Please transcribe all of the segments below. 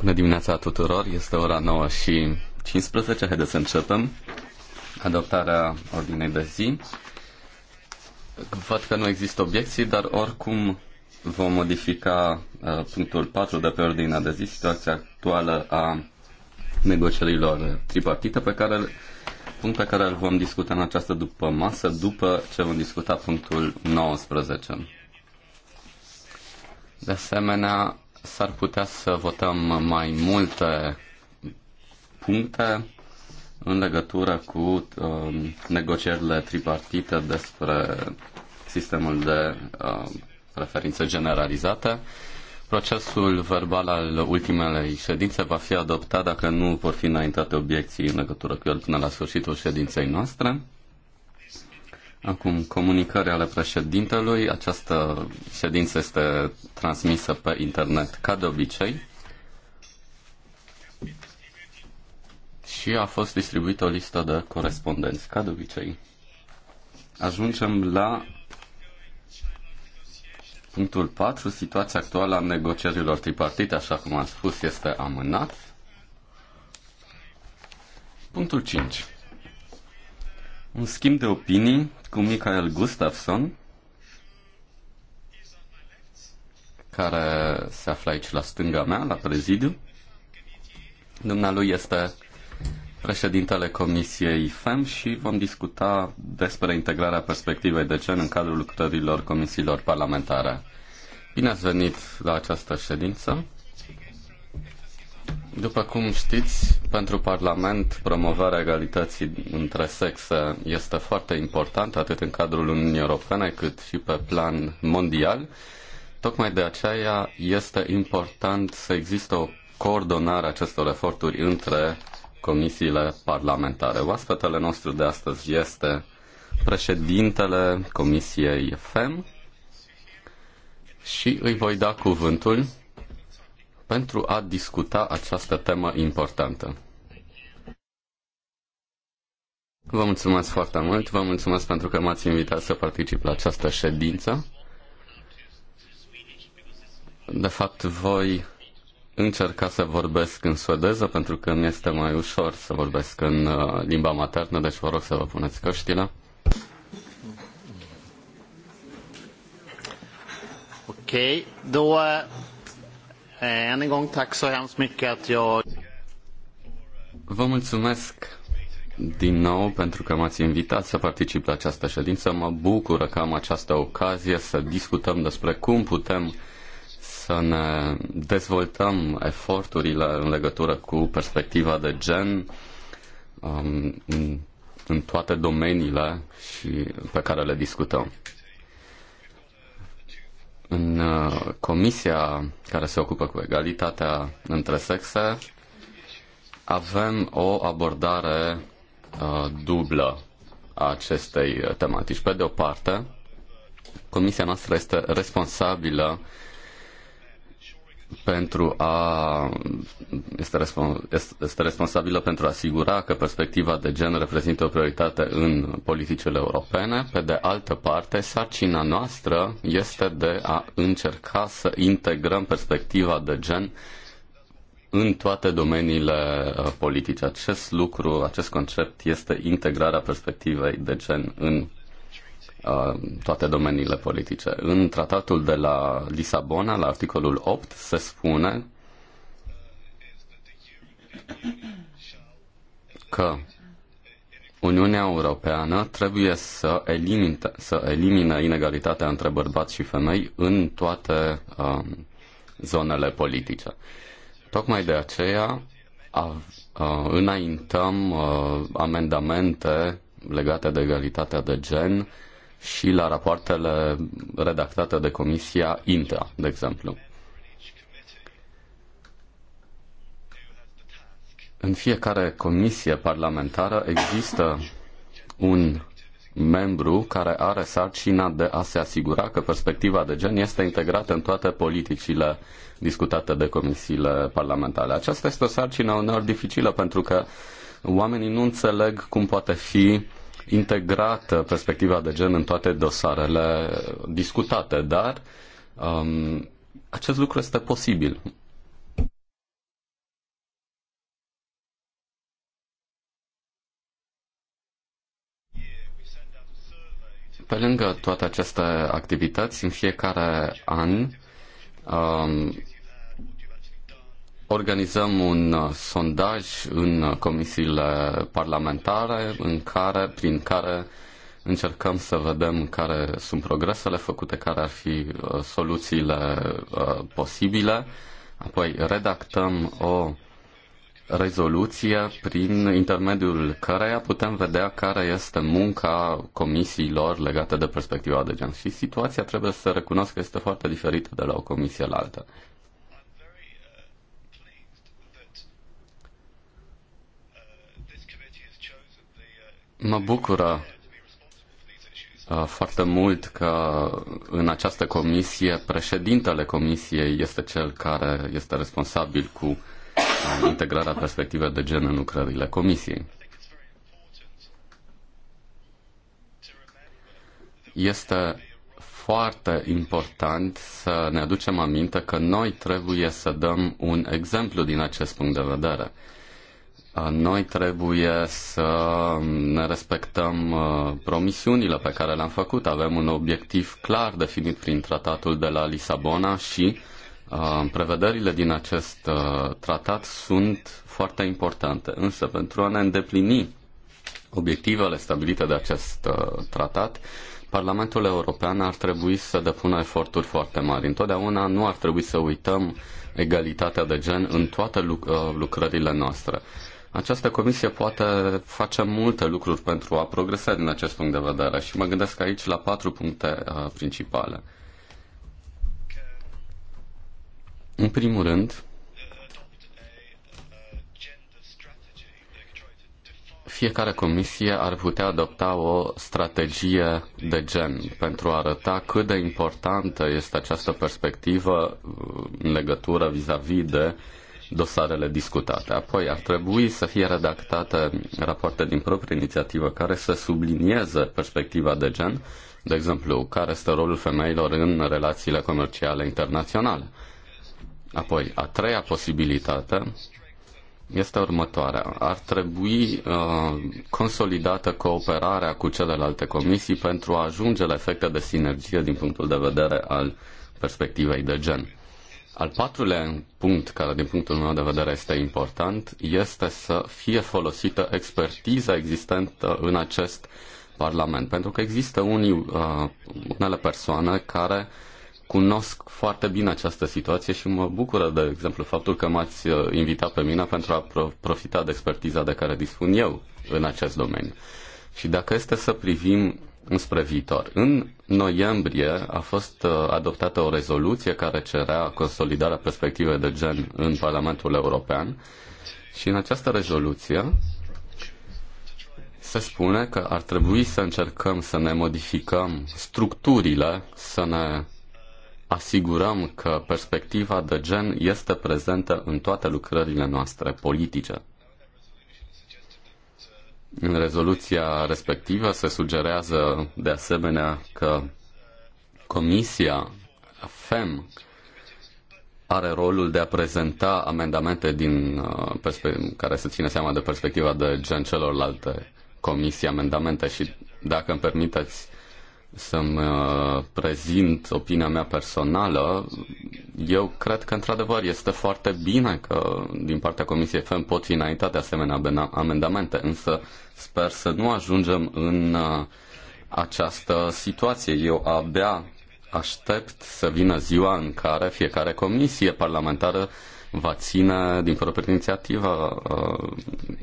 Bună dimineața tuturor, este ora 9 și 15, haideți să începem adoptarea ordinei de zi. Văd că nu există obiecții, dar oricum vom modifica uh, punctul 4 de pe ordinea de zi, situația actuală a negocierilor tripartite pe care punct pe care îl vom discuta în această după masă, după ce vom discuta punctul 19. De asemenea, s-ar putea să votăm mai multe puncte în legătură cu uh, negocierile tripartite despre sistemul de uh, um, referință generalizată. Uh, Procesul verbal al ultimelei ședințe va fi adoptat dacă nu vor fi înaintate obiecții în legătură cu el până la sfârșitul ședinței noastre. Acum, comunicarea ale președintelui. Această ședință este transmisă pe internet, ca de obicei. Și a fost distribuită o listă de corespondenți, ca de obicei. Ajungem la Punctul 4. Situația actuală a negocierilor tripartite, așa cum am spus, este amânat. Punctul 5. Un schimb de opinii cu Michael Gustafsson, care se află aici la stânga mea, la prezidiu. Dumnealui este președintele Comisiei FEM și vom discuta despre integrarea perspectivei de gen în cadrul lucrărilor comisiilor parlamentare. Bine ați venit la această ședință. După cum știți, pentru Parlament promovarea egalității între sexe este foarte importantă atât în cadrul Uniunii Europene cât și pe plan mondial. Tocmai de aceea este important să existe o coordonare acestor eforturi între comisiile parlamentare. Oaspetele nostru de astăzi este președintele Comisiei FEM și îi voi da cuvântul pentru a discuta această temă importantă. Vă mulțumesc foarte mult, vă mulțumesc pentru că m-ați invitat să particip la această ședință. De fapt, voi încerca să vorbesc în suedeză pentru că mi este mai ușor să vorbesc în uh, limba maternă, deci vă rog să vă puneți căștile. Ok, okay, då eh, än en gång tack så hemskt mycket att jag... Vă mulțumesc din nou pentru că m-ați invitat să particip la această ședință. Mă bucură că am această ocazie să discutăm despre cum putem să ne dezvoltăm eforturile în legătură cu perspectiva de gen um, în toate domeniile și pe care le discutăm. În uh, comisia care se ocupă cu egalitatea între sexe avem o abordare uh, dublă a acestei tematici. Pe de o parte, comisia noastră este responsabilă pentru a este, respons, este responsabilă pentru a asigura că perspectiva de gen reprezintă o prioritate în politicile europene. Pe de altă parte, sarcina noastră este de a încerca să integrăm perspectiva de gen în toate domeniile uh, politice. Acest lucru, acest concept este integrarea perspectivei de gen în Uh, toate domeniile politice. În tratatul de la Lisabona, la articolul 8, se spune că Uniunea Europeană trebuie să elimine, să elimine inegalitatea între bărbați și femei în toate um, zonele politice. Tocmai de aceea a, a, uh, înaintăm a, amendamente legate de egalitatea de gen și la rapoartele redactate de Comisia Intra, de exemplu. În fiecare comisie parlamentară există un membru care are sarcina de a se asigura că perspectiva de gen este integrată în toate politicile discutate de comisiile parlamentare. Aceasta este o sarcină uneori dificilă pentru că oamenii nu înțeleg cum poate fi integrată perspectiva de gen în toate dosarele discutate, dar um, acest lucru este posibil. Pe lângă toate aceste activități, în fiecare an um, organizăm un uh, sondaj în uh, comisiile parlamentare în care, prin care încercăm să vedem care sunt progresele făcute, care ar fi uh, soluțiile posibile. Apoi redactăm o rezoluție prin intermediul căreia putem vedea care este munca comisiilor legată de perspectiva de gen. Și situația trebuie să recunosc că este foarte diferită de la o comisie la alta. Mă bucură uh, foarte mult că în această comisie președintele comisiei este cel care este responsabil cu uh, integrarea perspectivei de gen în lucrările comisiei. Este foarte important să ne aducem aminte că noi trebuie să dăm un exemplu din acest punct de vedere. Noi trebuie să ne respectăm uh, promisiunile pe care le-am făcut. Avem un obiectiv clar definit prin tratatul de la Lisabona și uh, prevederile din acest uh, tratat sunt foarte importante. Însă, pentru a ne îndeplini obiectivele stabilite de acest tratat, Parlamentul European ar trebui să depună eforturi foarte mari. Întotdeauna nu ar trebui să uităm egalitatea de gen în toate lucrările noastre. Această comisie poate face multe lucruri pentru a progresa din acest punct de vedere și mă gândesc aici la patru puncte uh, principale. În primul rând, fiecare comisie ar putea adopta o strategie de gen pentru a arăta cât de importantă este această perspectivă uh, în legătură vis-a-vis -vis de uh, dosarele discutate. Apoi ar trebui să fie redactate rapoarte din proprie inițiativă care să sublinieze perspectiva de gen, de exemplu, care este rolul femeilor în relațiile comerciale internaționale. Apoi, a treia posibilitate este următoarea. Ar trebui uh, consolidată cooperarea cu celelalte comisii pentru a ajunge la efecte de sinergie din punctul de vedere al perspectivei de gen. Al patrulea punct, care din punctul meu de vedere este important, este să fie folosită expertiza existentă în acest Parlament. Pentru că există unii, uh, unele persoane care cunosc foarte bine această situație și mă bucură, de exemplu, faptul că m-ați uh, invitat pe mine pentru a pro- profita de expertiza de care dispun eu în acest domeniu. Și dacă este să privim înspre viitor. În noiembrie a fost uh, adoptată o rezoluție care cerea consolidarea perspectivei de gen în Parlamentul European și în această rezoluție se spune că ar trebui să încercăm să ne modificăm structurile, să ne asigurăm că perspectiva de gen este prezentă în toate lucrările noastre politice. În rezoluția respectivă se sugerează de asemenea că Comisia FEM are rolul de a prezenta amendamente din, uh, care să ține seama de perspectiva de gen celorlalte comisii, amendamente și, dacă îmi permiteți, să-mi uh, prezint opinia mea personală, eu cred că, într-adevăr, este foarte bine că din partea Comisiei FEM pot fi înaintate asemenea amendamente, însă sper să nu ajungem în uh, această situație. Eu abia aștept să vină ziua în care fiecare comisie parlamentară va ține, din propria inițiativă, uh,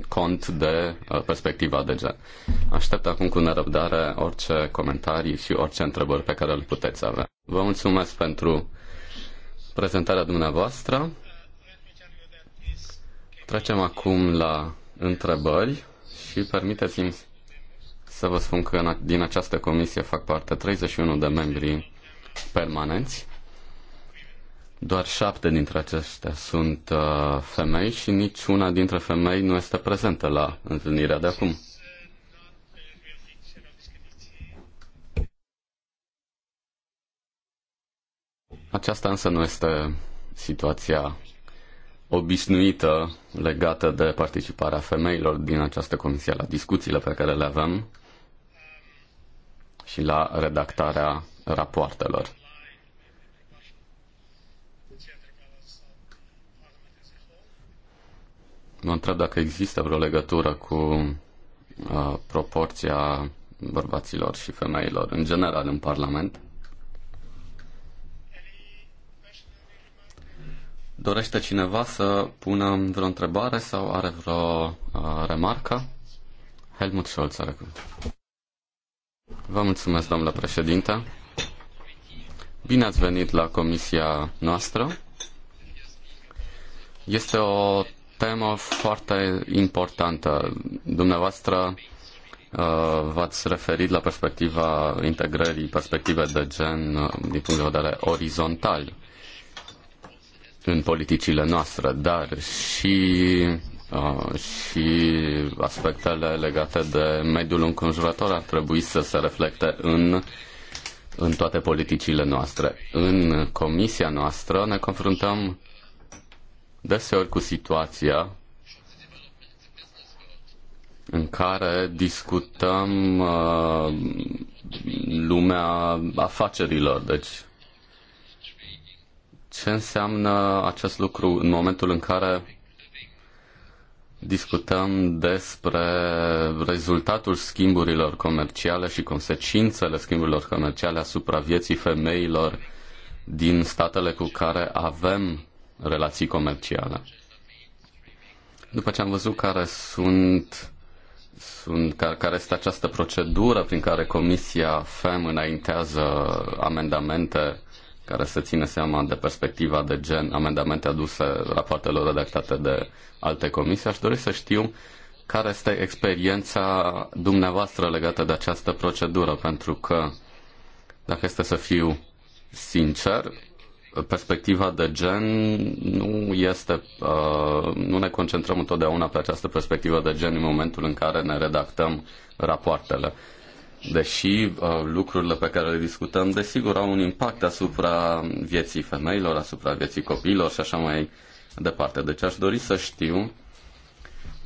cont de uh, perspectiva gen. Aștept acum cu nerăbdare orice comentarii și orice întrebări pe care le puteți avea. Vă mulțumesc pentru prezentarea dumneavoastră. Trecem acum la întrebări și permiteți-mi să vă spun că din această comisie fac parte 31 de membri permanenți doar șapte dintre acestea sunt uh, femei și nici una dintre femei nu este prezentă la întâlnirea de acum. Aceasta însă nu este situația obișnuită legată de participarea femeilor din această comisie la discuțiile pe care le avem și la redactarea rapoartelor. Mă întreb dacă există vreo legătură cu uh, proporția bărbaților și femeilor în general în Parlament. Dorește cineva să pună vreo întrebare sau are vreo uh, remarcă? Helmut Scholz are Vă mulțumesc, domnule președinte. Bine ați venit la comisia noastră. Este o temă foarte importantă. Dumneavoastră uh, v-ați referit la perspectiva integrării, perspective de gen uh, din punct de vedere orizontal în politicile noastre, dar și, uh, și aspectele legate de mediul înconjurător ar trebui să se reflecte în în toate politicile noastre. În comisia noastră ne confruntăm deseori cu situația în care discutăm uh, lumea afacerilor. Deci, ce înseamnă acest lucru în momentul în care discutăm despre rezultatul schimburilor comerciale și consecințele schimburilor comerciale asupra vieții femeilor din statele cu care avem relații comerciale. După ce am văzut care sunt, sunt care este această procedură prin care Comisia FEM înaintează amendamente care se ține seama de perspectiva de gen, amendamente aduse rapoartelor redactate de alte comisii, aș dori să știu care este experiența dumneavoastră legată de această procedură, pentru că, dacă este să fiu sincer, perspectiva de gen nu este, uh, nu ne concentrăm întotdeauna pe această perspectivă de gen în momentul în care ne redactăm rapoartele. Deși uh, lucrurile pe care le discutăm, desigur, au un impact asupra vieții femeilor, asupra vieții copiilor și așa mai departe. Deci aș dori să știu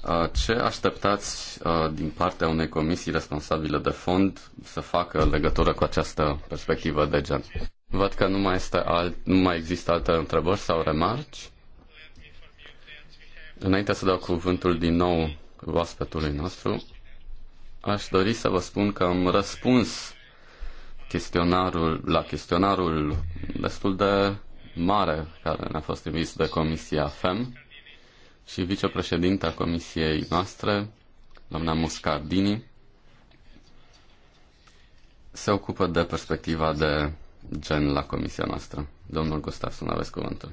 uh, ce așteptați din partea unei comisii responsabile de fond să facă legătură cu această perspectivă de gen. Văd că nu mai, este alt, nu mai există alte întrebări sau remarci. Înainte să dau cuvântul din nou oaspetului nostru, aș dori să vă spun că am răspuns chestionarul, la chestionarul destul de mare care ne-a fost trimis de Comisia FEM și vicepreședinta Comisiei noastre, doamna Muscardini, se ocupă de perspectiva de gen la comisia noastră. Domnul Gustafsson, aveți cuvântul.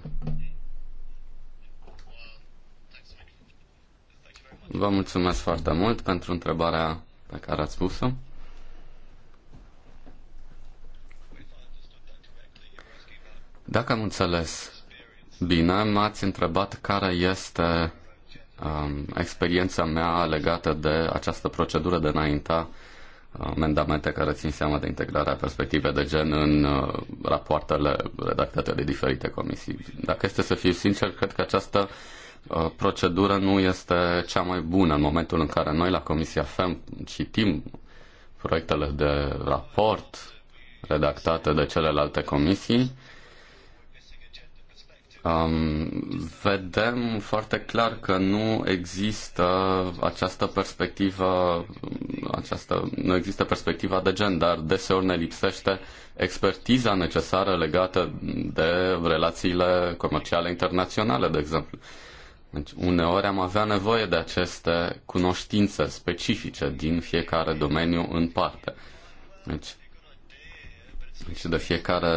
Vă mulțumesc foarte mult pentru întrebarea pe care ați pus-o. Dacă am înțeles bine, m-ați întrebat care este um, experiența mea legată de această procedură de înainta amendamente care țin seama de integrarea perspective de gen în uh, rapoartele redactate de diferite comisii. Dacă este să fiu sincer, cred că această uh, procedură nu este cea mai bună în momentul în care noi la Comisia FEM citim proiectele de raport redactate de celelalte comisii um, vedem foarte clar că nu există această perspectivă, această, nu există perspectiva de gen, dar deseori ne lipsește expertiza necesară legată de relațiile comerciale internaționale, de exemplu. Deci, uneori am avea nevoie de aceste cunoștințe specifice din fiecare domeniu în parte. Deci, și de fiecare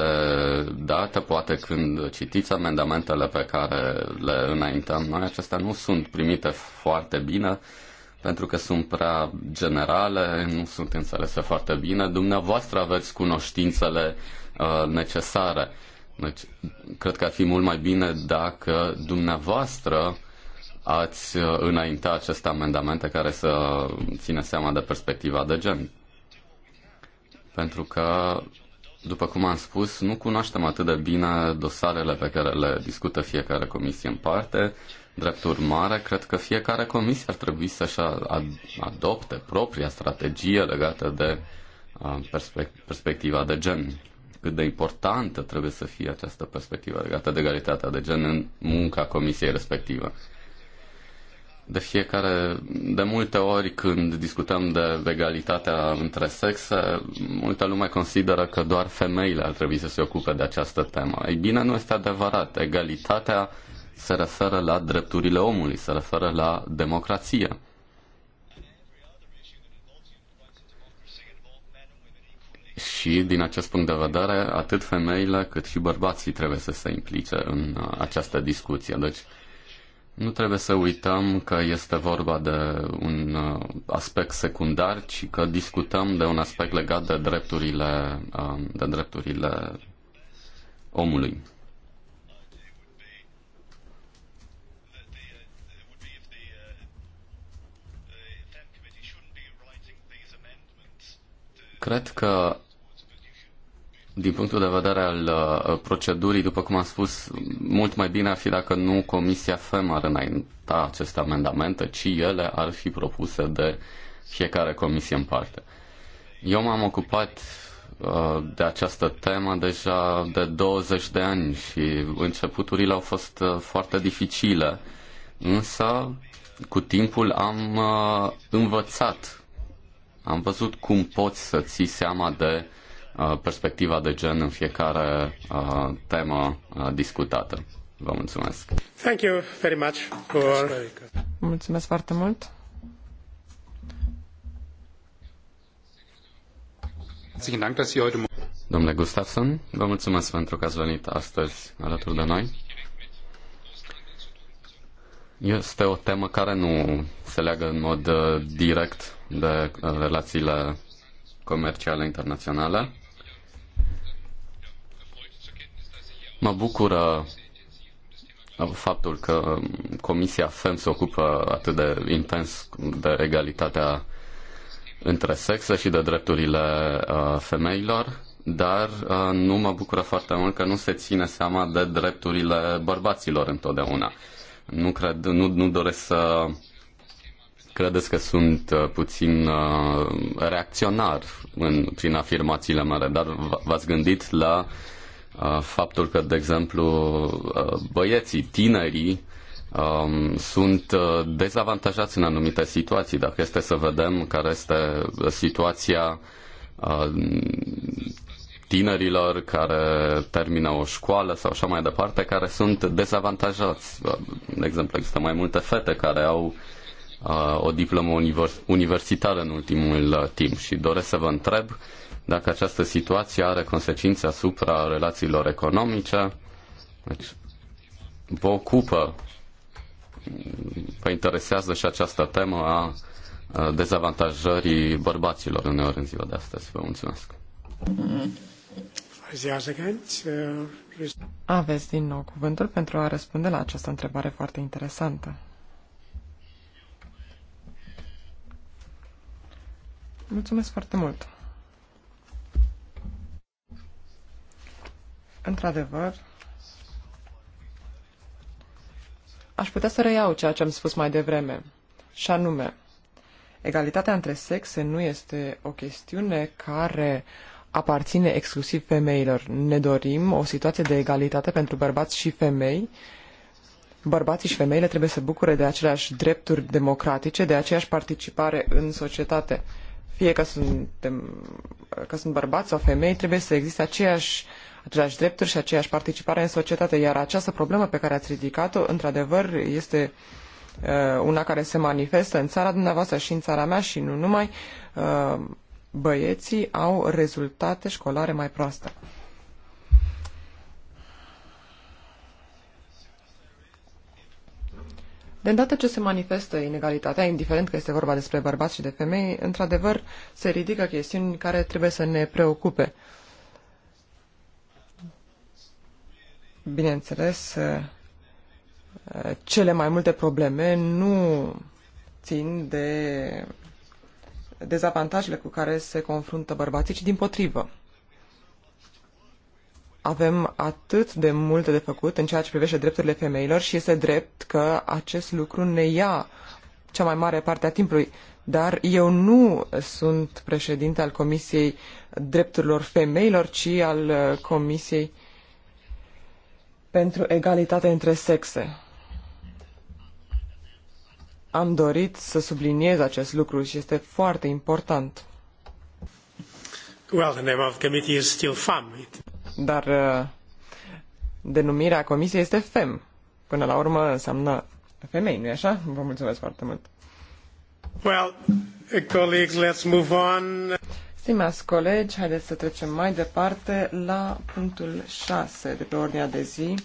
dată, poate când citiți amendamentele pe care le înaintăm noi, acestea nu sunt primite foarte bine, pentru că sunt prea generale, nu sunt înțelese foarte bine. Dumneavoastră aveți cunoștințele uh, necesare. Deci, cred că ar fi mult mai bine dacă dumneavoastră ați uh, înainta aceste amendamente care să țină seama de perspectiva de gen. Pentru că după cum am spus, nu cunoaștem atât de bine dosarele pe care le discută fiecare comisie în parte. Drept urmare, cred că fiecare comisie ar trebui să-și adopte propria strategie legată de perspectiva de gen. Cât de importantă trebuie să fie această perspectivă legată de egalitatea de gen în munca comisiei respectivă de fiecare, de multe ori când discutăm de egalitatea între sexe, multă lume consideră că doar femeile ar trebui să se ocupe de această temă. Ei bine, nu este adevărat. Egalitatea se referă la drepturile omului, se referă la democrație. Și din acest punct de vedere, atât femeile cât și bărbații trebuie să se implice în această discuție. Deci, nu trebuie să uităm că este vorba de un uh, aspect secundar, ci că discutăm de un aspect legat de drepturile, um, de drepturile omului. Cred că din punctul de vedere al uh, procedurii, după cum am spus, mult mai bine ar fi dacă nu Comisia FEM ar înainta aceste amendamente, ci ele ar fi propuse de fiecare comisie în parte. Eu m-am ocupat uh, de această temă deja de 20 de ani și începuturile au fost uh, foarte dificile, însă cu timpul am învățat, am văzut cum poți să ții seama de Uh, perspectiva de gen în fiecare uh, temă uh, discutată. Vă mulțumesc. Thank you very much for... Mulțumesc foarte mult. Domnule Gustafsson, vă mulțumesc pentru că ați venit astăzi alături de noi. Este o temă care nu se leagă în mod direct de relațiile comerciale internaționale. Mă bucură faptul că um, Comisia FEM se ocupă atât de intens de egalitatea între sexe și de drepturile uh, femeilor, dar uh, nu mă bucură foarte mult că nu se ține seama de drepturile bărbaților întotdeauna. Nu, cred, nu, nu doresc să credeți că sunt uh, puțin reacționar în, prin afirmațiile mele, dar v-ați gândit la uh, Uh, faptul că, de exemplu, uh, băieții, tinerii, um, sunt uh, dezavantajați în anumite situații. Dacă este să vedem care este situația tinerilor care termină o școală sau așa mai departe, care sunt dezavantajați. De exemplu, există mai multe fete care au o diplomă universitară în ultimul timp și doresc să vă întreb dacă această situație are consecințe asupra relațiilor economice. Deci, vă ocupă, vă interesează și această temă a dezavantajării bărbaților uneori în ziua de astăzi. Vă mulțumesc. Aveți din nou cuvântul pentru a răspunde la această întrebare foarte interesantă. Mulțumesc foarte mult! Într-adevăr, aș putea să reiau ceea ce am spus mai devreme, și anume, egalitatea între sexe nu este o chestiune care aparține exclusiv femeilor. Ne dorim o situație de egalitate pentru bărbați și femei. Bărbații și femeile trebuie să bucure de aceleași drepturi democratice, de aceeași participare în societate. Fie că sunt, că sunt bărbați sau femei, trebuie să existe aceeași uh, aceleași drepturi și aceeași participare în societate. Iar această problemă pe care ați ridicat-o, într-adevăr, este uh, una care se manifestă în țara dumneavoastră și în țara mea și nu numai. Uh, băieții au rezultate școlare mai proaste. De îndată ce se manifestă inegalitatea, indiferent că este vorba despre bărbați și de femei, într-adevăr se ridică chestiuni care trebuie să ne preocupe. bineînțeles, uh, cele mai multe probleme nu țin de dezavantajele cu care se confruntă bărbații, ci din potrivă. Avem atât de multe de făcut în ceea ce privește drepturile femeilor și este drept că acest lucru ne ia cea mai mare parte a timpului. Dar eu nu sunt președinte al Comisiei Drepturilor Femeilor, ci al uh, Comisiei uh, pentru egalitate între sexe. Am dorit să subliniez acest lucru și este foarte important. Well, the name of committee is still FAM. Dar uh, denumirea comisiei este FEM. Până la urmă înseamnă femei, nu-i așa? Vă mulțumesc foarte mult. Well, uh, colleagues, let's move on. Stimați colegi, haideți să trecem mai departe la punctul 6 de pe ordinea de zi.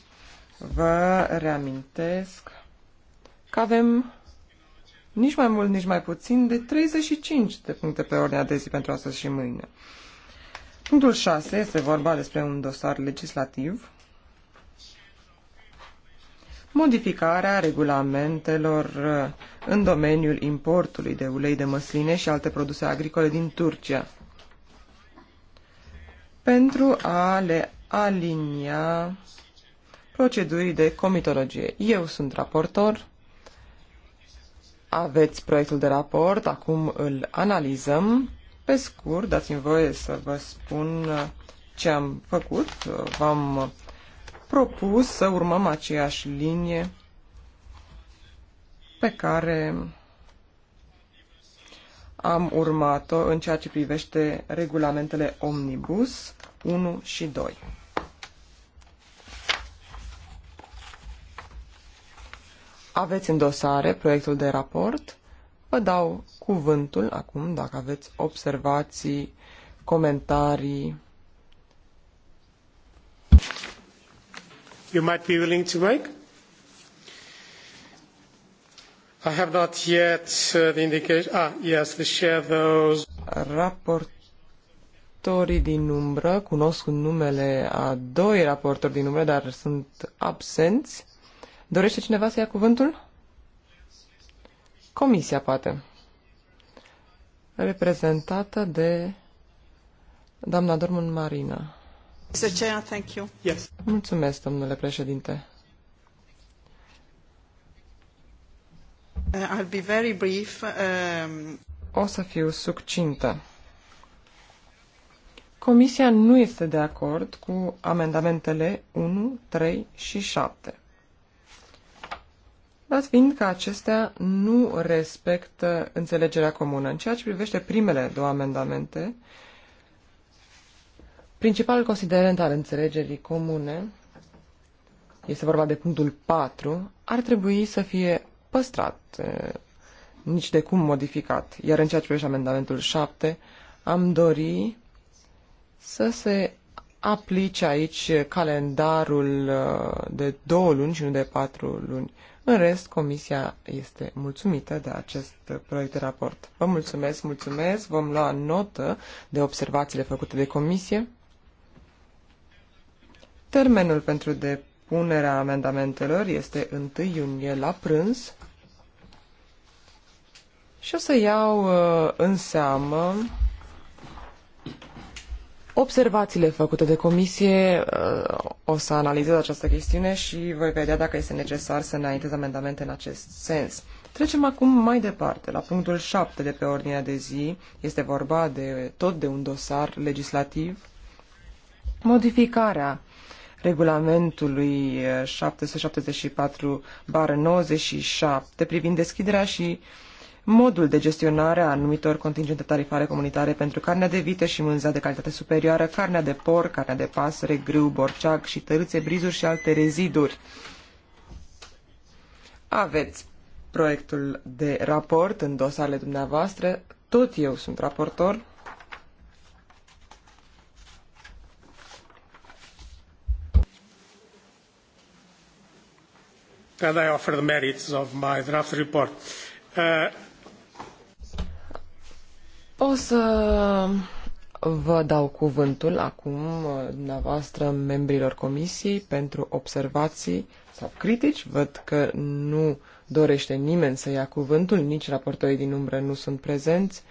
Vă reamintesc că avem nici mai mult, nici mai puțin de 35 de puncte pe ordinea de zi pentru astăzi și mâine. Punctul 6 este vorba despre un dosar legislativ modificarea regulamentelor uh, în domeniul importului de ulei de măsline și alte produse agricole din Turcia pentru a le alinia procedurii de comitologie. Eu sunt raportor, aveți proiectul de raport, acum îl analizăm. Pe scurt, dați-mi voie să vă spun ce am făcut. V-am propus să urmăm aceeași linie pe care am urmat-o în ceea ce privește regulamentele Omnibus 1 și 2. Aveți în dosare proiectul de raport. Vă dau cuvântul acum dacă aveți observații, comentarii. You might be willing to make? I have not yet uh, the indication. Ah, yes, share those. Raportorii din umbră cunosc numele a doi raportori din umbră, dar sunt absenți. Dorește cineva să ia cuvântul? Comisia, poate. Reprezentată de doamna Dorman Marina. Mr. Chair, thank you. Yes. Mulțumesc, domnule președinte. Uh, I'll be very brief. Um... O să fiu succintă. Comisia nu este de acord cu amendamentele 1, 3 și 7. Dat fiind că acestea nu respectă înțelegerea comună. În ceea ce privește primele două amendamente, principalul considerent al înțelegerii comune, este vorba de punctul 4, ar trebui să fie păstrat, nici de cum modificat. Iar în ceea ce privește amendamentul 7, am dori să se aplice aici calendarul de două luni și nu de patru luni. În rest, comisia este mulțumită de acest proiect de raport. Vă mulțumesc, mulțumesc, vom lua notă de observațiile făcute de comisie. Termenul pentru de Punerea amendamentelor este 1 iunie la prânz și o să iau uh, în seamă observațiile făcute de comisie. Uh, o să analizez această chestiune și voi vedea dacă este necesar să înaintez amendamente în acest sens. Trecem acum mai departe, la punctul 7 de pe ordinea de zi. Este vorba de tot de un dosar legislativ. Modificarea regulamentului 774-97 eh, privind deschiderea și modul de gestionare a anumitor contingente tarifare comunitare pentru carnea de vită și mânza de calitate superioară, carnea de porc, carnea de pasăre, grâu, borceac și tărâțe, brizuri și alte reziduri. Aveți proiectul de raport în dosarele dumneavoastră. Tot eu sunt raportor. and I offer the merits of my draft report. Uh... O să vă dau cuvântul acum uh, dumneavoastră membrilor comisiei pentru observații sau critici. Văd că nu dorește nimeni să ia cuvântul, nici raportorii din umbră nu sunt prezenți.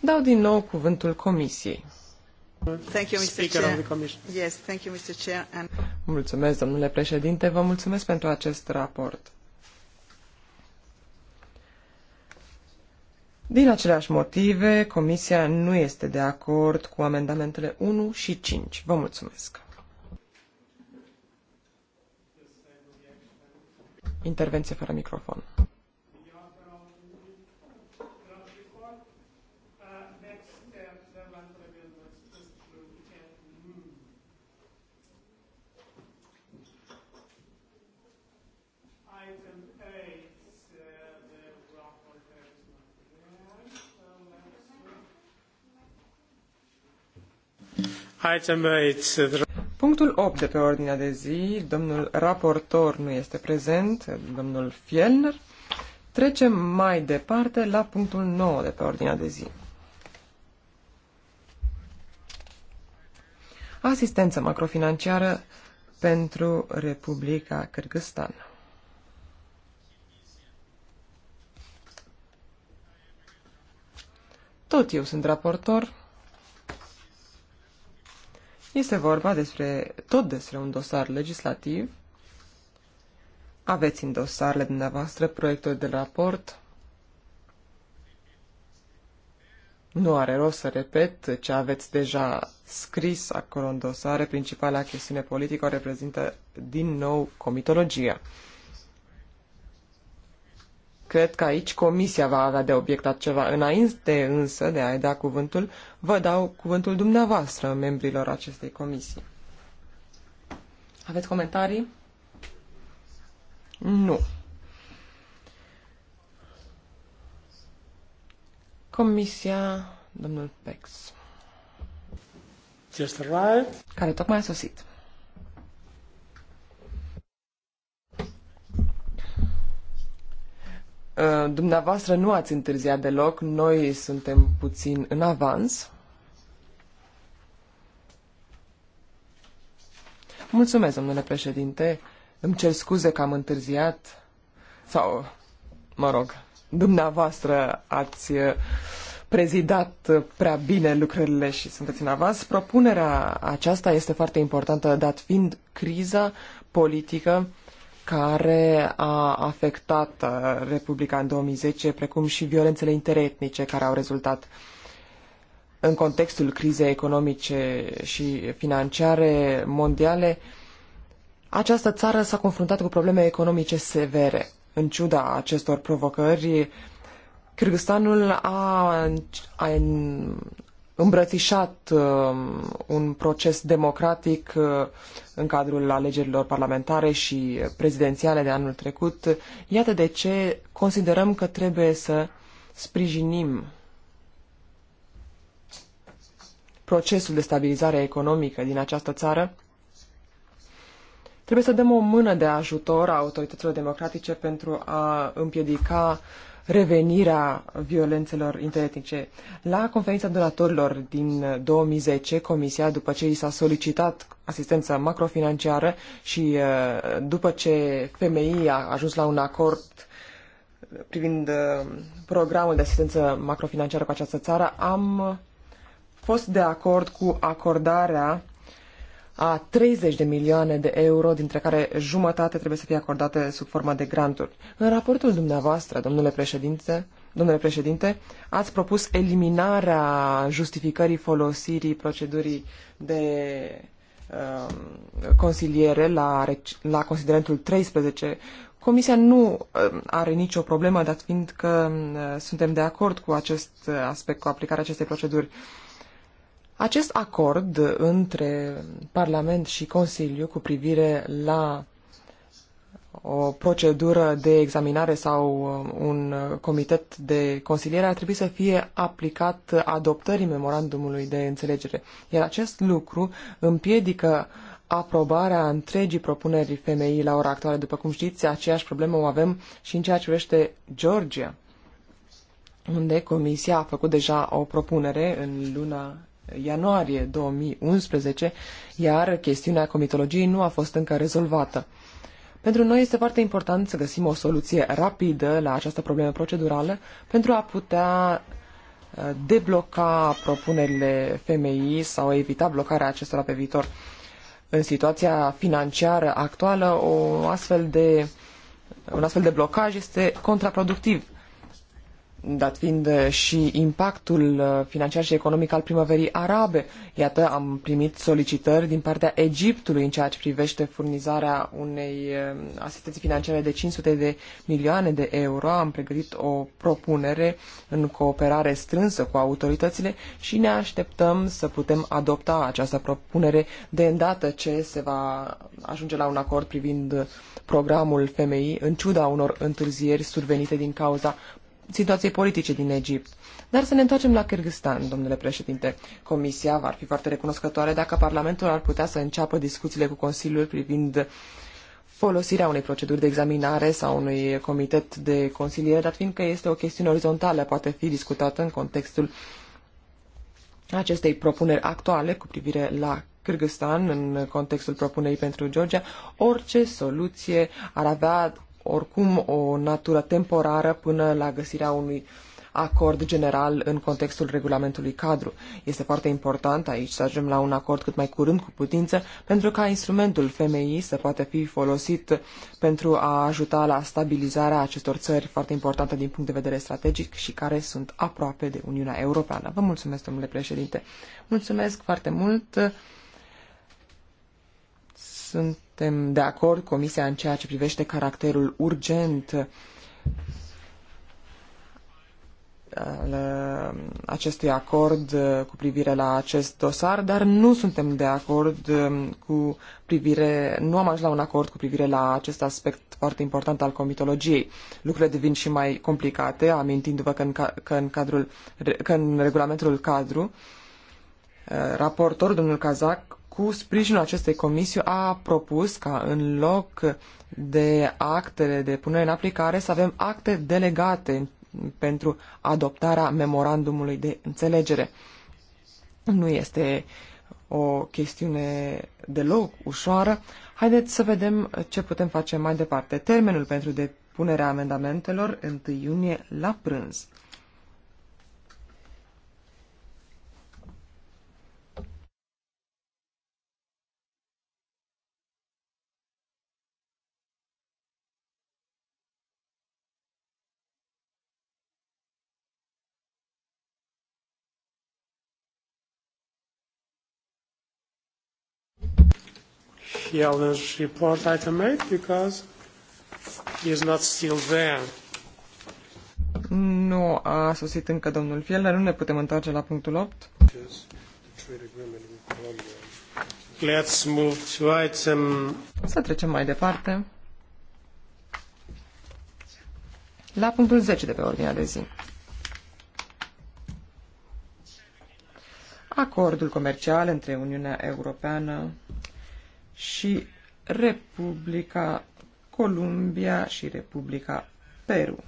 Dau din nou cuvântul comisiei. Thank you, Mr. Chair. Yes, thank Mulțumesc, domnule președinte. Vă mulțumesc pentru acest raport. Din aceleași motive, Comisia nu este de acord cu amendamentele 1 și 5. Vă mulțumesc. Intervenție fără microfon. Uh, uh, punctul 8 de pe ordinea de zi, domnul raportor nu este prezent, domnul Fielner. Trecem mai departe la punctul 9 de pe ordinea de zi. Asistență macrofinanciară pentru Republica Kyrgyzstan. Tot eu sunt raportor. Este vorba despre, tot despre un dosar legislativ. Aveți în dosarele dumneavoastră proiectul de raport. Nu are rost să repet ce aveți deja scris acolo în dosare. Principala chestiune politică o reprezintă din nou comitologia cred că aici comisia va avea de obiectat ceva. Înainte însă de a-i da cuvântul, vă dau cuvântul dumneavoastră, membrilor acestei comisii. Aveți comentarii? Nu. Comisia, domnul Pex. Just arrived. Care tocmai a sosit. Uh, dumneavoastră nu ați întârziat deloc, noi suntem puțin în avans. Mulțumesc, domnule președinte. Îmi cer scuze că am întârziat. Sau, mă rog, dumneavoastră ați uh, prezidat uh, prea bine lucrările și sunteți în avans. Propunerea aceasta este foarte importantă, dat fiind criza politică care a afectat uh, Republica în 2010, precum și violențele interetnice care au rezultat în contextul crizei economice și financiare mondiale, această țară s-a confruntat cu probleme economice severe. În ciuda acestor provocări, Kyrgyzstanul a, a, îmbrățișat um, un proces democratic uh, în cadrul alegerilor parlamentare și prezidențiale de anul trecut. Iată de ce considerăm că trebuie să sprijinim procesul de stabilizare economică din această țară Trebuie să dăm o mână de ajutor a autorităților democratice pentru a împiedica revenirea violențelor interetnice. La conferința donatorilor din 2010, Comisia, după ce i s-a solicitat asistență macrofinanciară și uh, după ce FMI a ajuns la un acord privind uh, programul de asistență macrofinanciară cu această țară, am fost de acord cu acordarea a 30 de milioane de euro, dintre care jumătate trebuie să fie acordate sub forma de granturi. În raportul dumneavoastră, domnule președinte, domnule președinte, ați propus eliminarea justificării folosirii procedurii de uh, consiliere la, la considerentul 13. Comisia nu um, are nicio problemă, dat fiind că um, suntem de acord cu acest uh, aspect, cu aplicarea acestei proceduri. Uh, acest acord între Parlament și Consiliu cu privire la o procedură de examinare sau uh, un uh, comitet de consiliere ar trebui să fie aplicat adoptării memorandumului de înțelegere. Iar acest lucru împiedică aprobarea întregii propuneri femeii la ora actuală. După cum știți, aceeași problemă o avem și în ceea ce privește Georgia, unde Comisia a făcut deja o propunere în luna ianuarie 2011, iar chestiunea comitologiei nu a fost încă rezolvată. Pentru noi este foarte important să găsim o soluție rapidă la această problemă procedurală pentru a putea uh, debloca propunerile FMI sau a evita blocarea acestora pe viitor. În situația financiară actuală, o astfel de, un astfel de blocaj este contraproductiv dat fiind eh, și impactul eh, financiar și economic al primăverii arabe. Iată, am primit solicitări din partea Egiptului în ceea ce privește furnizarea unei eh, asistențe financiare de 500 de milioane de euro. Am pregătit o propunere în cooperare strânsă cu autoritățile și ne așteptăm să putem adopta această propunere de îndată ce se va ajunge la un acord privind programul femeii, în ciuda unor întârzieri survenite din cauza situației politice din Egipt. Dar să ne întoarcem la Kyrgyzstan, domnule președinte. Comisia va fi foarte recunoscătoare dacă Parlamentul ar putea să înceapă discuțiile cu Consiliul privind folosirea unei proceduri de examinare sau unui comitet de consiliere, dar fiindcă este o chestiune orizontală, poate fi discutată în contextul acestei propuneri actuale cu privire la Kyrgyzstan, în contextul propunerii pentru Georgia, orice soluție ar avea oricum o natură temporară până la găsirea unui acord general în contextul regulamentului cadru. Este foarte important aici să ajungem la un acord cât mai curând cu putință pentru ca instrumentul FMI să poată fi folosit pentru a ajuta la stabilizarea acestor țări foarte importante din punct de vedere strategic și care sunt aproape de Uniunea Europeană. Vă mulțumesc, domnule președinte. Mulțumesc foarte mult. Suntem de acord, Comisia, în ceea ce privește caracterul urgent uh, al uh, acestui acord uh, cu privire la acest dosar, dar nu suntem de acord um, cu privire, nu am ajuns la un acord cu privire la acest aspect foarte important al comitologiei. Lucrurile devin și mai complicate, amintindu-vă că în, că în, cadrul, că în regulamentul cadru, raportor, domnul Cazac, cu sprijinul acestei comisii, a propus ca în loc de actele de punere în aplicare să avem acte delegate pentru adoptarea memorandumului de înțelegere. Nu este o chestiune deloc ușoară. Haideți să vedem ce putem face mai departe. Termenul pentru depunerea amendamentelor 1 iunie la prânz. Yellen's report, item 8, because he is not still there. Nu a sosit încă domnul Fjellner, nu ne putem întoarce la punctul 8. Let's move to item... Să trecem mai departe. La punctul 10 de pe ordinea de zi. Acordul comercial între Uniunea Europeană și Republica Columbia și Republica Peru.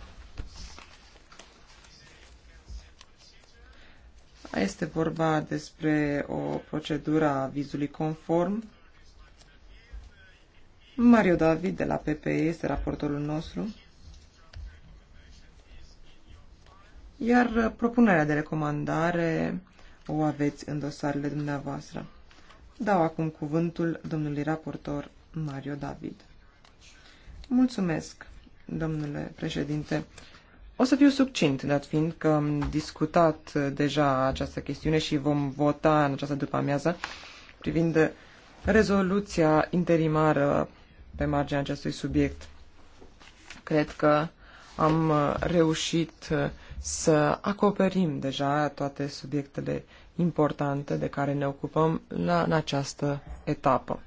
Este vorba despre o procedură a vizului conform. Mario David de la PPE este raportorul nostru. Iar propunerea de recomandare o aveți în dosarele dumneavoastră. Dau acum cuvântul domnului raportor Mario David. Mulțumesc, domnule președinte. O să fiu succint, dat fiind că am discutat deja această chestiune și vom vota în această după-amiază privind rezoluția interimară pe marginea acestui subiect. Cred că am reușit să acoperim deja toate subiectele importante de care ne ocupăm la, în această etapă.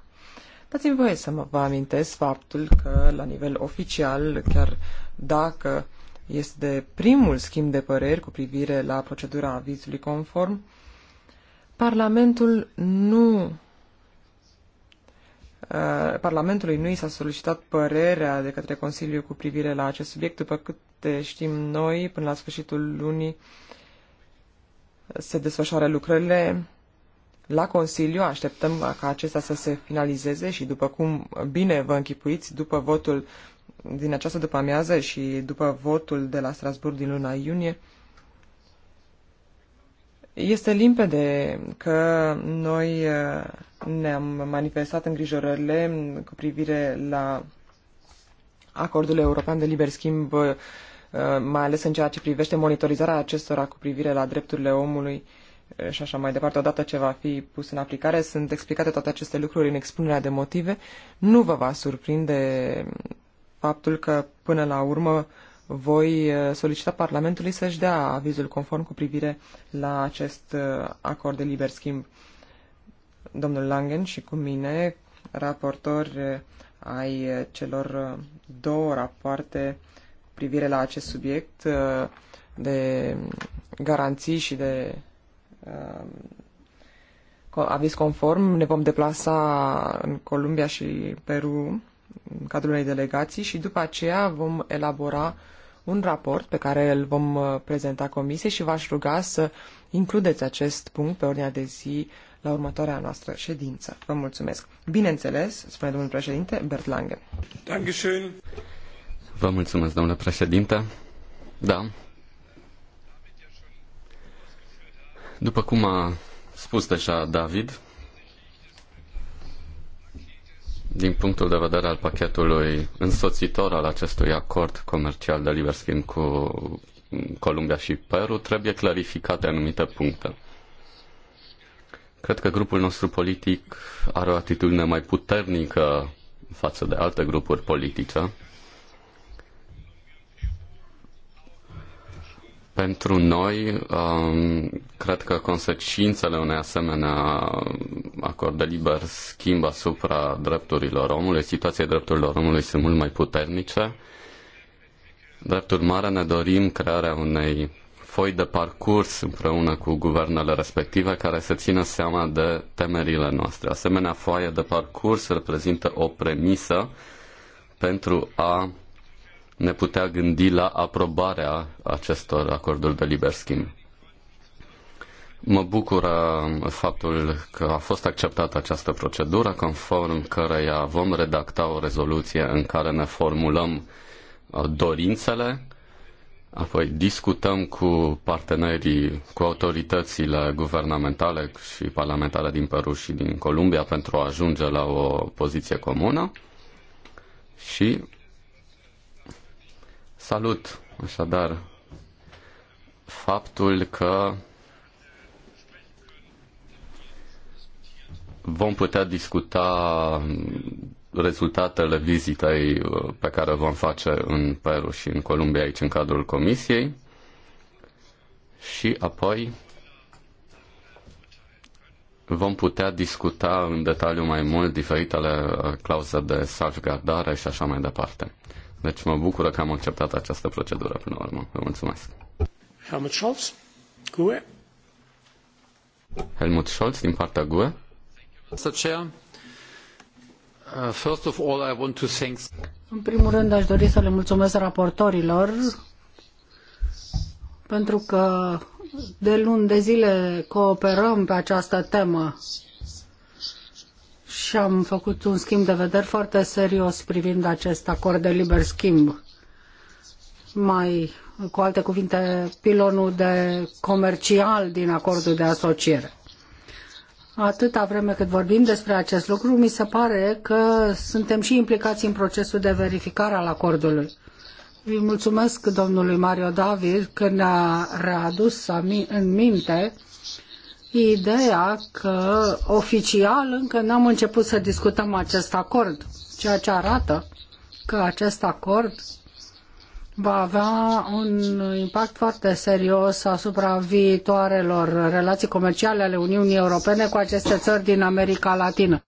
Dați-mi voie să mă vă amintesc faptul că, la nivel oficial, chiar dacă este de primul schimb de păreri cu privire la procedura avizului conform, Parlamentul nu uh, Parlamentului nu i s-a solicitat părerea de către Consiliu cu privire la acest subiect, după câte știm noi, până la sfârșitul lunii se desfășoară lucrările la Consiliu. Așteptăm ca acesta să se finalizeze și după cum bine vă închipuiți, după votul din această după-amiază și după votul de la Strasburg din luna iunie, este limpede că noi uh, ne-am manifestat îngrijorările cu privire la acordul european de liber schimb uh, Uh, mai ales în ceea ce privește monitorizarea acestora cu privire la drepturile omului uh, și așa mai departe, odată ce va fi pus în aplicare, sunt explicate toate aceste lucruri în expunerea de motive. Nu vă va surprinde faptul că, până la urmă, voi uh, solicita Parlamentului să-și dea avizul conform cu privire la acest acord de liber schimb. Domnul Langen și cu mine, raportori ai celor două rapoarte privire la acest subiect uh, de garanții și de uh, aviz conform. Ne vom deplasa în Columbia și Peru în cadrul unei delegații și după aceea vom elabora un raport pe care îl vom uh, prezenta comisiei și v-aș ruga să includeți acest punct pe ordinea de zi la următoarea noastră ședință. Vă mulțumesc. Bineînțeles, spune domnul președinte Bert Langen. Dankeschön. Vă mulțumesc, domnule președinte. Da. După cum a spus deja David, din punctul de vedere al pachetului însoțitor al acestui acord comercial de liber schimb cu Columbia și Peru, trebuie clarificate anumite puncte. Cred că grupul nostru politic are o atitudine mai puternică față de alte grupuri politice Pentru noi, um, cred că consecințele unei asemenea acord de liber schimb asupra drepturilor omului, situația drepturilor omului sunt mult mai puternice. Drept urmare, ne dorim crearea unei foi de parcurs împreună cu guvernele respective care să țină seama de temerile noastre. Asemenea, foaie de parcurs reprezintă o premisă pentru a ne putea gândi la aprobarea acestor acorduri de liber schimb. Mă bucură faptul că a fost acceptată această procedură, conform căreia vom redacta o rezoluție în care ne formulăm uh, dorințele, apoi discutăm cu partenerii, cu autoritățile guvernamentale și parlamentare din Peru și din Columbia pentru a ajunge la o poziție comună și Salut, așadar, faptul că vom putea discuta rezultatele vizitei uh, pe care vom face în Peru și în Columbia aici în cadrul comisiei și apoi vom putea discuta în detaliu mai mult diferitele uh, clauze de salvgardare și așa mai departe. Deci mă bucur că am acceptat această procedură până la urmă. Vă mulțumesc. Helmut Scholz, GUE. Helmut Scholz din partea GUE. Mr. Chair, uh, first of all, I want to thank... În primul rând aș dori să le mulțumesc raportorilor pentru că de luni de zile cooperăm pe această temă și am făcut un schimb de vedere foarte serios privind acest acord de liber schimb. Mai, cu alte cuvinte, pilonul de comercial din acordul de asociere. Atâta vreme cât vorbim despre acest lucru, mi se pare că suntem și implicați în procesul de verificare al acordului. Îi mulțumesc domnului Mario David că ne-a readus în minte ideea că oficial încă n-am început să discutăm acest acord, ceea ce arată că acest acord va avea un impact foarte serios asupra viitoarelor relații comerciale ale Uniunii Europene cu aceste țări din America Latină.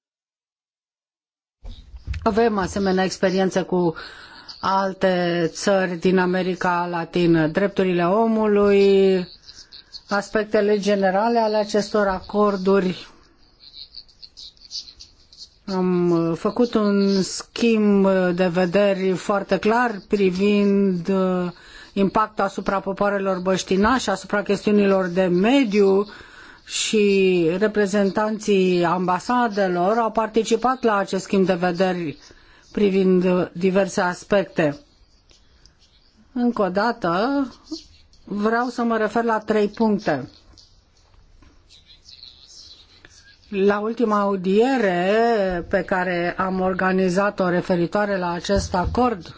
Avem asemenea experiențe cu alte țări din America Latină, drepturile omului, aspectele generale ale acestor acorduri. Am uh, făcut un schimb de vederi foarte clar privind uh, impactul asupra popoarelor băștinași, asupra chestiunilor de mediu și reprezentanții ambasadelor au participat la acest schimb de vederi privind uh, diverse aspecte. Încă o dată, vreau să mă refer la trei puncte. La ultima audiere pe care am organizat-o referitoare la acest acord,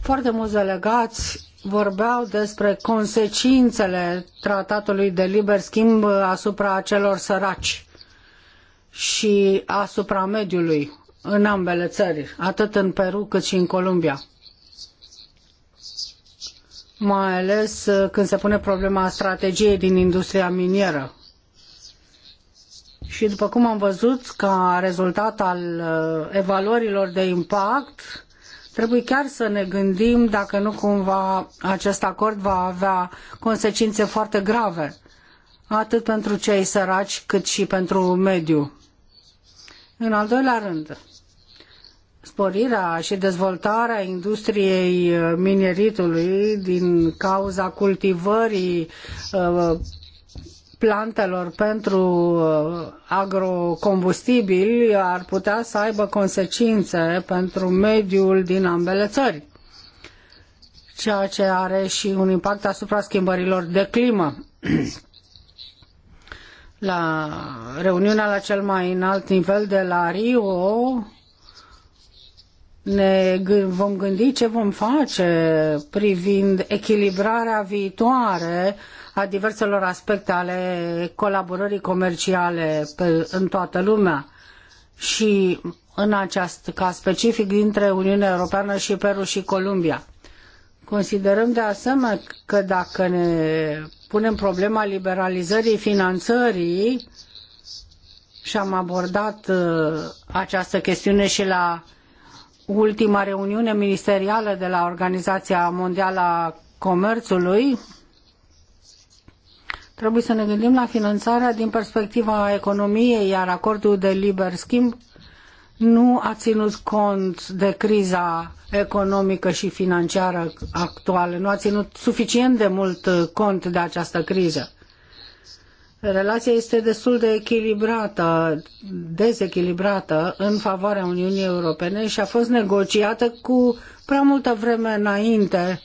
foarte mulți delegați vorbeau despre consecințele tratatului de liber schimb asupra celor săraci și asupra mediului în ambele țări, atât în Peru cât și în Columbia mai ales uh, când se pune problema strategiei din industria minieră. Și după cum am văzut, ca rezultat al uh, evaluărilor de impact, trebuie chiar să ne gândim dacă nu cumva acest acord va avea consecințe foarte grave, atât pentru cei săraci cât și pentru mediu. În al doilea rând, sporirea și dezvoltarea industriei uh, mineritului din cauza cultivării uh, plantelor pentru uh, agrocombustibili ar putea să aibă consecințe pentru mediul din ambele țări, ceea ce are și un impact asupra schimbărilor de climă. La reuniunea la cel mai înalt nivel de la Rio, ne vom gândi ce vom face privind echilibrarea viitoare a diverselor aspecte ale colaborării comerciale pe, în toată lumea și în acest caz specific dintre Uniunea Europeană și Peru și Columbia. Considerăm de asemenea că dacă ne punem problema liberalizării finanțării și am abordat uh, această chestiune și la ultima reuniune ministerială de la Organizația Mondială a Comerțului, trebuie să ne gândim la finanțarea din perspectiva economiei, iar acordul de liber schimb nu a ținut cont de criza economică și financiară actuală, nu a ținut suficient de mult cont de această criză. Relația este destul de echilibrată, dezechilibrată în favoarea Uniunii Europene și a fost negociată cu prea multă vreme înainte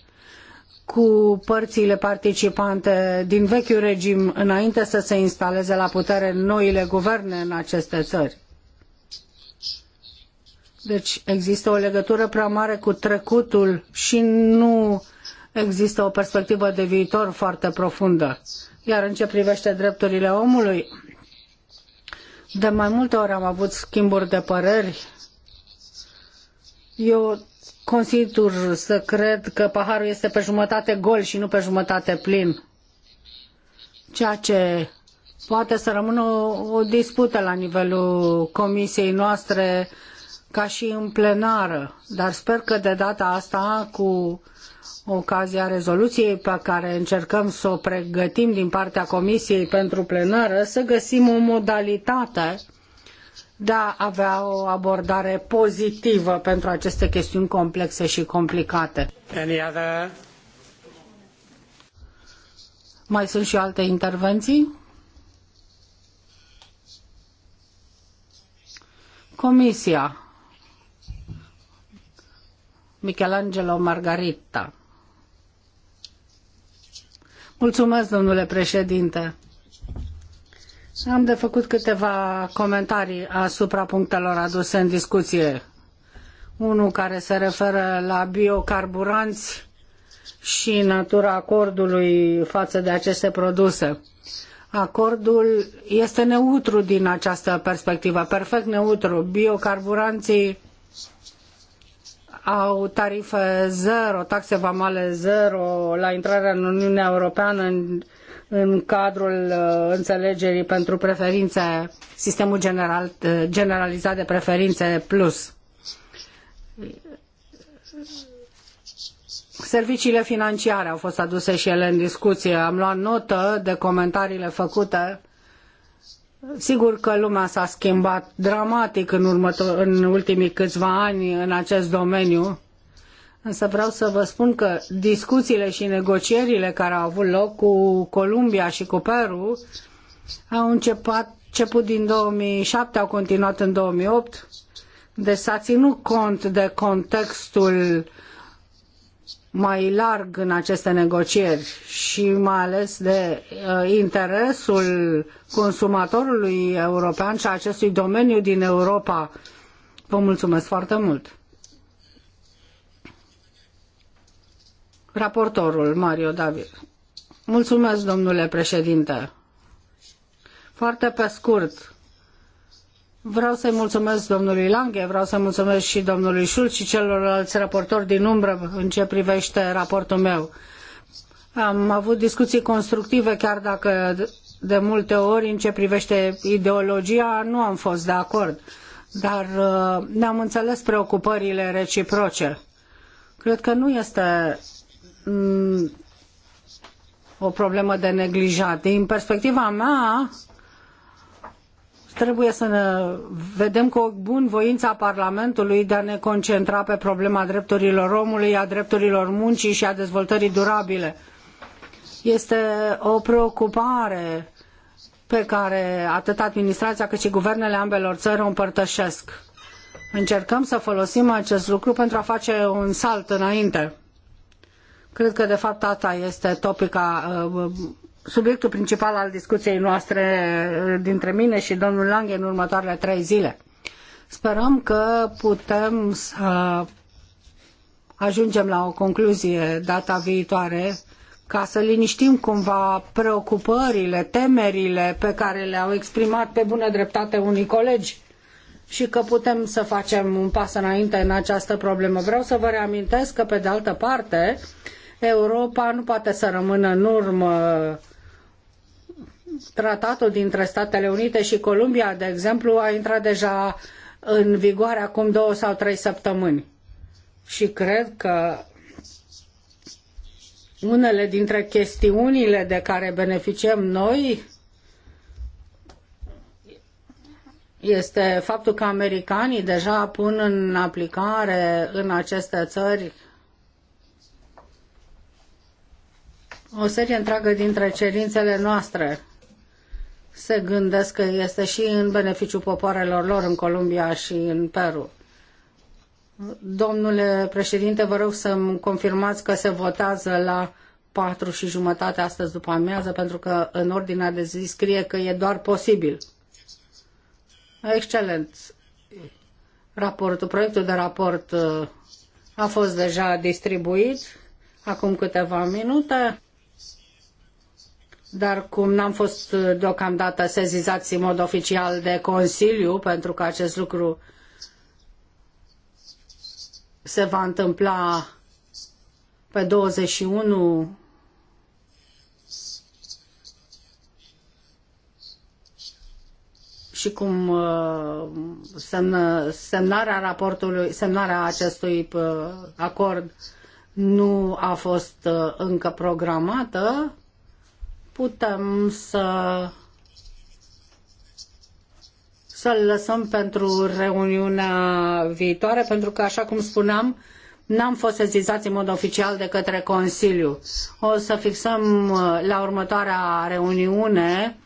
cu părțile participante din vechiul regim înainte să se instaleze la putere noile guverne în aceste țări. Deci există o legătură prea mare cu trecutul și nu există o perspectivă de viitor foarte profundă. Iar în ce privește drepturile omului, de mai multe ori am avut schimburi de păreri. Eu consider să cred că paharul este pe jumătate gol și nu pe jumătate plin. Ceea ce poate să rămână o, o dispută la nivelul comisiei noastre ca și în plenară, dar sper că de data asta cu ocazia rezoluției pe care încercăm să o pregătim din partea Comisiei pentru plenară, să găsim o modalitate de a avea o abordare pozitivă pentru aceste chestiuni complexe și complicate. Mai sunt și alte intervenții? Comisia. Michelangelo Margarita. Mulțumesc, domnule președinte. Am de făcut câteva comentarii asupra punctelor aduse în discuție. Unul care se referă la biocarburanți și natura acordului față de aceste produse. Acordul este neutru din această perspectivă, perfect neutru. Biocarburanții au tarife zero, taxe vamale zero la intrarea în Uniunea Europeană în, în cadrul uh, înțelegerii pentru preferințe, sistemul general, uh, generalizat de preferințe plus. Serviciile financiare au fost aduse și ele în discuție. Am luat notă de comentariile făcute Sigur că lumea s-a schimbat dramatic în, următor, în ultimii câțiva ani în acest domeniu, însă vreau să vă spun că discuțiile și negocierile care au avut loc cu Columbia și cu Peru au început, început din 2007, au continuat în 2008, deci s-a ținut cont de contextul mai larg în aceste negocieri și mai ales de uh, interesul consumatorului european și acestui domeniu din Europa. Vă mulțumesc foarte mult. Raportorul Mario David. Mulțumesc, domnule președinte. Foarte pe scurt, Vreau să-i mulțumesc domnului Lange, vreau să mulțumesc și domnului Schulz și celorlalți raportori din umbră în ce privește raportul meu. Am avut discuții constructive, chiar dacă de multe ori în ce privește ideologia nu am fost de acord, dar uh, ne-am înțeles preocupările reciproce. Cred că nu este mm, o problemă de neglijat. Din perspectiva mea, trebuie să ne vedem cu bun voința Parlamentului de a ne concentra pe problema drepturilor omului, a drepturilor muncii și a dezvoltării durabile. Este o preocupare pe care atât administrația cât și guvernele ambelor țări o împărtășesc. Încercăm să folosim acest lucru pentru a face un salt înainte. Cred că de fapt asta este topica uh, subiectul principal al discuției noastre uh, dintre mine și domnul Lange în următoarele trei zile. Sperăm că putem să ajungem la o concluzie data viitoare ca să liniștim cumva preocupările, temerile pe care le-au exprimat pe bună dreptate unii colegi și că putem să facem un pas înainte în această problemă. Vreau să vă reamintesc că, pe de altă parte, Europa nu poate să rămână în urmă Tratatul dintre Statele Unite și Columbia, de exemplu, a intrat deja în vigoare acum două sau trei săptămâni. Și cred că unele dintre chestiunile de care beneficiem noi este faptul că americanii deja pun în aplicare în aceste țări o serie întreagă dintre cerințele noastre se gândesc că este și în beneficiul popoarelor lor în Columbia și în Peru. Domnule președinte, vă rog să-mi confirmați că se votează la patru și jumătate astăzi după amiază, pentru că în ordinea de zi scrie că e doar posibil. Excelent. Raportul, proiectul de raport uh, a fost deja distribuit acum câteva minute dar cum n-am fost deocamdată sezizați în mod oficial de Consiliu, pentru că acest lucru se va întâmpla pe 21 și cum uh, semnă, semnarea raportului, semnarea acestui uh, acord nu a fost uh, încă programată, putem să să-l lăsăm pentru reuniunea viitoare, pentru că, așa cum spuneam, n-am fost sezizați în mod oficial de către Consiliu. O să fixăm uh, la următoarea reuniune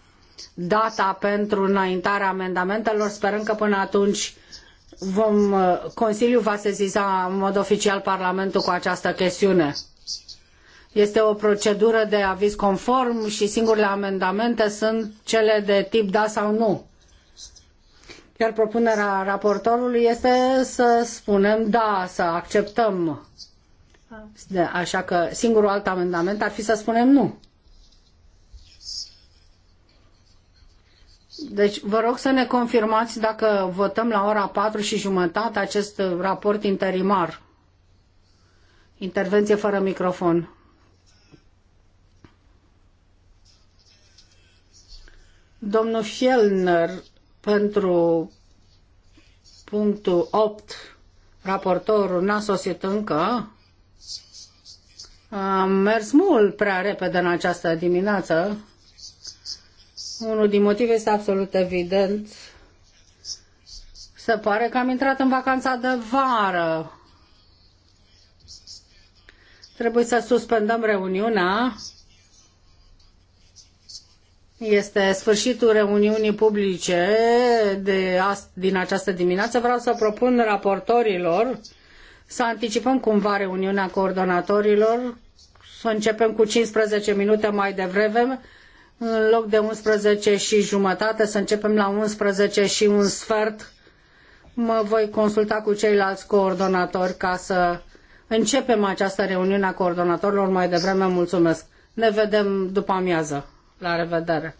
data pentru înaintarea amendamentelor. Sperăm că până atunci vom, uh, Consiliul va seziza în mod oficial Parlamentul cu această chestiune. Este o procedură de aviz conform și singurele amendamente sunt cele de tip da sau nu. Iar propunerea raportorului este să spunem da, să acceptăm. Așa că singurul alt amendament ar fi să spunem nu. Deci vă rog să ne confirmați dacă votăm la ora patru și jumătate acest raport interimar. Intervenție fără microfon. Domnul Fjellner pentru punctul 8, raportorul n-a sosit încă. Am mers mult prea repede în această dimineață. Unul din motive este absolut evident. Se pare că am intrat în vacanța de vară. Trebuie să suspendăm reuniunea este sfârșitul reuniunii publice de din această dimineață. Vreau să propun raportorilor să anticipăm cumva reuniunea coordonatorilor, să începem cu 15 minute mai devreme, în loc de 11 și jumătate, să începem la 11 și un sfert. Mă voi consulta cu ceilalți coordonatori ca să începem această reuniune a coordonatorilor mai devreme. Mulțumesc! Ne vedem după amiază. La revedere!